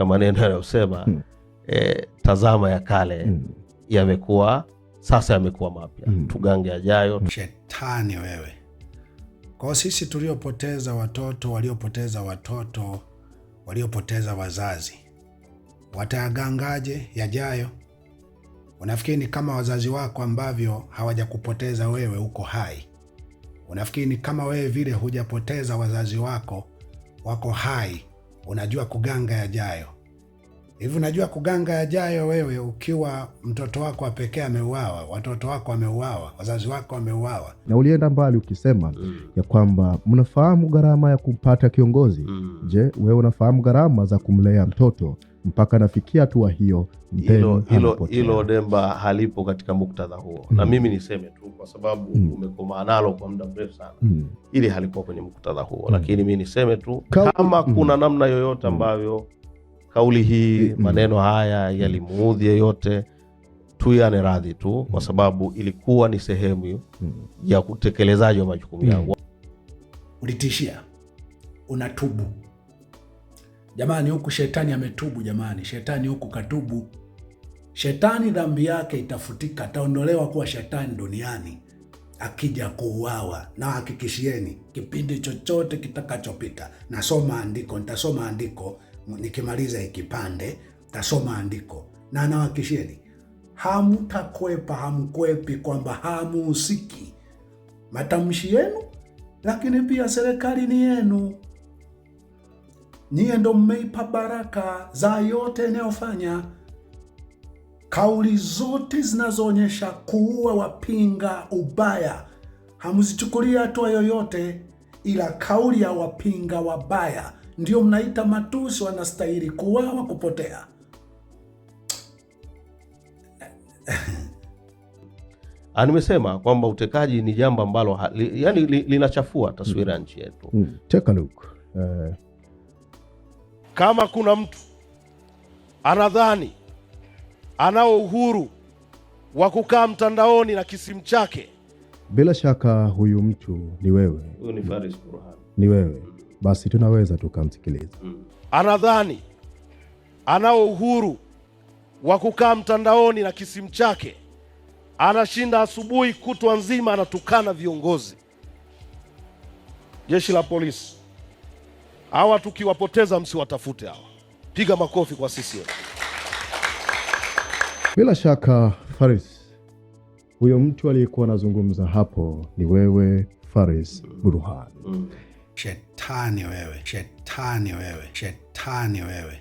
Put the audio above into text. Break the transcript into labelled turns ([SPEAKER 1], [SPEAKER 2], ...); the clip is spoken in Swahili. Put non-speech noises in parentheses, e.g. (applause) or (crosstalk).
[SPEAKER 1] katika maneno yanayosema mm. e, tazama ya kale mm. yamekuwa sasa yamekuwa mapya mm. tugange yajayo. Hmm.
[SPEAKER 2] Shetani wewe! kwa sisi tuliopoteza watoto, waliopoteza watoto, waliopoteza wazazi, watayagangaje yajayo? Unafikiri ni kama wazazi wako ambavyo hawajakupoteza wewe, uko hai? Unafikiri ni kama wewe vile hujapoteza wazazi wako, wako hai unajua kuganga yajayo. Hivi unajua kuganga yajayo wewe, ukiwa mtoto wako wa pekee ameuawa, watoto wako wameuawa, wazazi wako wameuawa.
[SPEAKER 3] Na ulienda mbali ukisema mm. ya kwamba mnafahamu gharama ya kumpata kiongozi mm. Je, wewe unafahamu gharama za kumlea mtoto mpaka nafikia hatua hiyo.
[SPEAKER 1] Hilo Demba halipo katika muktadha huo mm. na mm-hmm. mimi niseme tu kwa sababu mm. umekomaa nalo kwa muda mrefu sana mm. Mm-hmm. ili halikuwa kwenye muktadha huo mm. lakini mi niseme tu Ka kama mm. kuna namna yoyote ambavyo kauli hii mm. maneno haya yalimuudhi yeyote tuyane radhi tu kwa sababu ilikuwa ni sehemu mm. ya utekelezaji wa majukumu yangu.
[SPEAKER 2] Ulitishia, unatubu. Jamani, huku shetani ametubu. Jamani, shetani huku katubu. Shetani dhambi yake itafutika, ataondolewa kuwa shetani duniani akija kuuawa. Na hakikishieni kipindi chochote kitakachopita, nasoma andiko, nitasoma andiko nikimaliza ikipande, tasoma andiko na nawahakikishieni hamtakwepa, hamkwepi kwamba hamuhusiki matamshi yenu, lakini pia serikali ni yenu. Nyiye ndo mmeipa baraka za yote inayofanya. Kauli zote zinazoonyesha kuua wapinga ubaya hamzichukulia hatua yoyote, ila kauli ya wapinga wabaya ndio mnaita matusi, wanastahili kuwawa kupotea.
[SPEAKER 1] (laughs) Ah, nimesema kwamba utekaji ni jambo ambalo yani linachafua taswira ya nchi yetu. Hmm.
[SPEAKER 3] Take a look. Uh...
[SPEAKER 4] Kama kuna mtu anadhani anao uhuru wa kukaa mtandaoni na kisimu chake,
[SPEAKER 3] bila shaka huyu mtu ni wewe,
[SPEAKER 1] huyu ni Faris Burhan,
[SPEAKER 3] ni wewe, basi tunaweza tukamsikiliza. Hmm.
[SPEAKER 4] Anadhani anao uhuru wa kukaa mtandaoni na kisimu chake, anashinda asubuhi kutwa nzima anatukana viongozi, jeshi la polisi hawa tukiwapoteza, msiwatafute hawa. Piga makofi kwa CCM.
[SPEAKER 3] Bila shaka Faris, huyo mtu aliyekuwa anazungumza hapo ni wewe Faris Burhan. Mm.
[SPEAKER 2] Shetani wewe, shetani wewe, shetani wewe.